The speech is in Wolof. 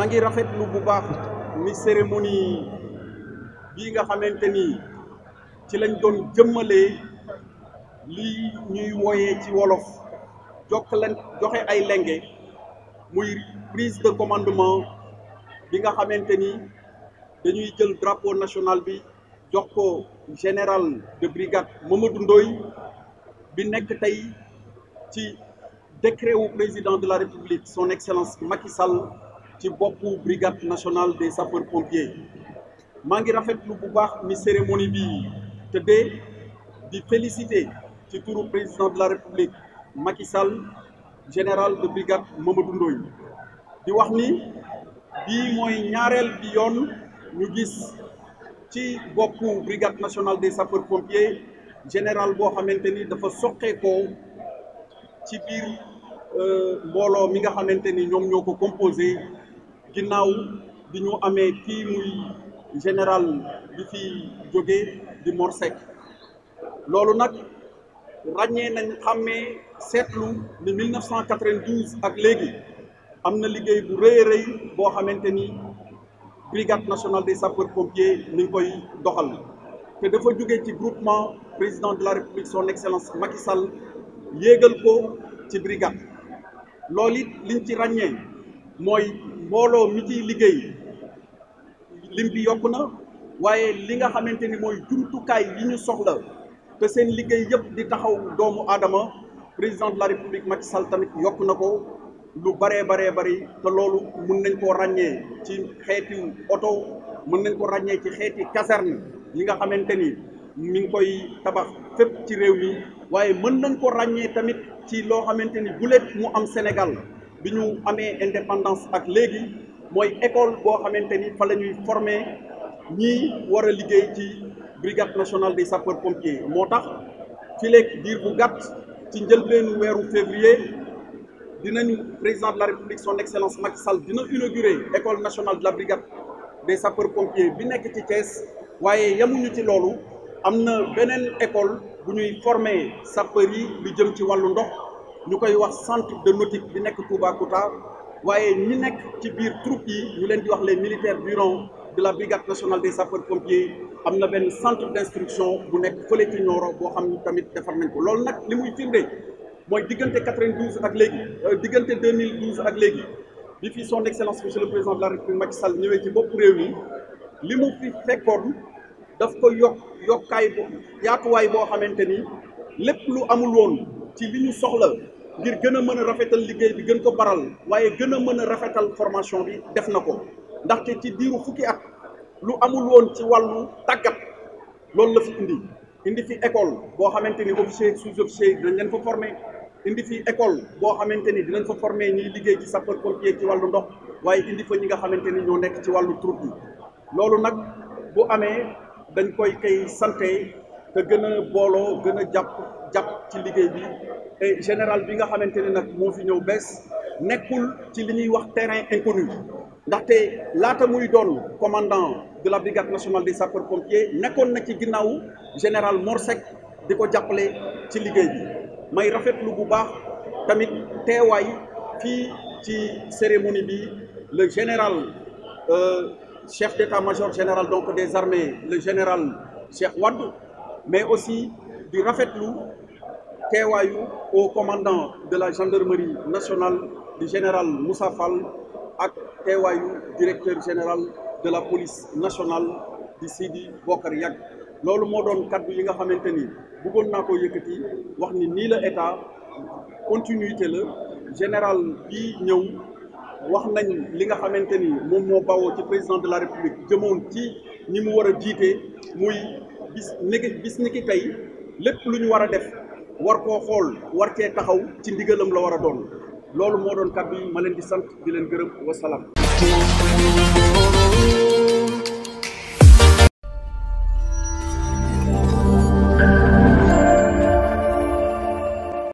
maa ngi rafetlu bu baax ni cérémonie bii nga xamante ni ci lañ doon jëmmalee lii ñuy wooyee ci wolof jokkalan joxe ay lenge muy prise de commandement bi nga xamante ni dañuy jël drapeau national bi jox ko général de brigade Mamadou Ndoye bi nekk tey ci décret wu président de la république son excellence Macky Sall ci boppu brigade nationale des sapeurs pompiers maa ngi rafetlu bu baax mi cérémonie bii tëddee di féliciter ci turu président de la république Macky Sall général de brigade Mamadou Ndoye di wax ni bii mooy ñaareel bi yoon ñu gis ci boppu brigade nationale des sapeurs pompiers général boo xamante ni dafa soqeekoo ci biir euh, mbooloo mi nga xamante ni ñoom ñoo ko composé. ginnaaw bi ñu amee kii muy général bi fi jógee di Mor Seck loolu nag ràññee nañ xàmmee seetlu ni 1992 ak léegi am na liggéey bu rëy rëy boo xamante ni brigade nationale des sapeurs pompiers ni ngi koy doxal te dafa jóge ci groupement président de la république son excellence Macky Sall yéegal ko ci brigade loolu it liñ ci ràññee mooy mbooloo mi ciy liggéey lim bi yokku na waaye li nga xamante ni mooy jumtukaay yi ñu soxla te seen liggéey yëpp di taxaw doomu aadama président de la république Macky Sall tamit yokku na ko lu baree baree bari te loolu mën nañ koo ràññee ci xeeti oto mën nañ ko ràññee ci xeeti caserne yi nga xamante ni mi koy tabax fépp ci réew mi waaye mën nañ ko ràññee tamit ci loo xamante ni guléet mu am Sénégal bi ñu amee indépendance ak léegi mooy école boo xamante ni fa la ñuy former ñii war a liggéey ci brigade nationale des sapeurs pompiers moo tax fileeg biir bu gàtt ci njëlbeenu weeru février dinañu président de la république son excellence Macky Sall dina inaugurer école nationale de la brigade des sapeurs pompiers bi nekk ci Thiès waaye yamuñu ci loolu am na beneen école bu ñuy former sapeurs yi lu jëm ci wàllu ndox. ñu koy wax centre de nautique bi nekk Toubacouta waaye ñi nekk ci biir troupe yi ñu leen di wax les militaires du de la brigade nationale des sapeurs pompiers am na benn centre d' bu nekk fële ci Nioro boo xam ni tamit defar nañ ko loolu nag li muy firnde mooy diggante 92 ak léegi euh, diggante 2012 ak léegi bi fi son excellence monsieur le président de la république Macky Sall ñëwee ci bopp réew yi li mu fi fekkoon daf ko yokk yokkaay yaatuwaay boo xamante ni lépp lu amul woon. ci li ñu soxla ngir gën a mën a rafetal liggéey bi gën ko baral waaye gën a mën a rafetal formation bi def na ko ndaxte ci biiru fukki at lu amul woon ci wàllu tàggat loolu la fi indi indi fi école boo xamante ni officier sous-officier dinañ leen fa former indi fi école boo xamante ni dinañ fa former ñuy liggéey ci sapeur pompier ci wàllu ndox waaye indi fa ñi nga xamante ni ñoo nekk ci wàllu troupe yi loolu nag bu amee dañ koy kay sante te gën a booloo gën a jàpp jàpp ci liggéey bi et général bi nga xamante ne nag moo fi ñëw bees nekkul ci li ñuy wax terrain inconnu ndaxte laata muy doon commandant de la brigade nationale des sapeurs pompiers nekkoon na ci ginnaaw général Mor Seck di ko jàppale ci liggéey bi may rafet lu bu baax tamit teewaay fii ci cérémonie bi le général euh, chef d'état-major général donc des armées le général Cheikh Wade mais aussi di rafetlu. teewaayu au commandant de la gendarmerie nationale du général Moussa Fall ak teewaayu directeur général de la police nationale di Sidi Bokar Yàgg loolu moo doon kaddu yi nga xamante ni buggoon naa ko yëkkati wax ni nii la état continuité la général bi ñëw wax nañ li nga xamante ni moom moo bawoo ci président de la république jëmoon ci ñi mu war a jiite muy bis niki tey lépp lu ñu war a def war koo xool war cee taxaw ci ndigalam la war a doon loolu moo doon kàddu yi ma di sant di leen gërëm wasalaam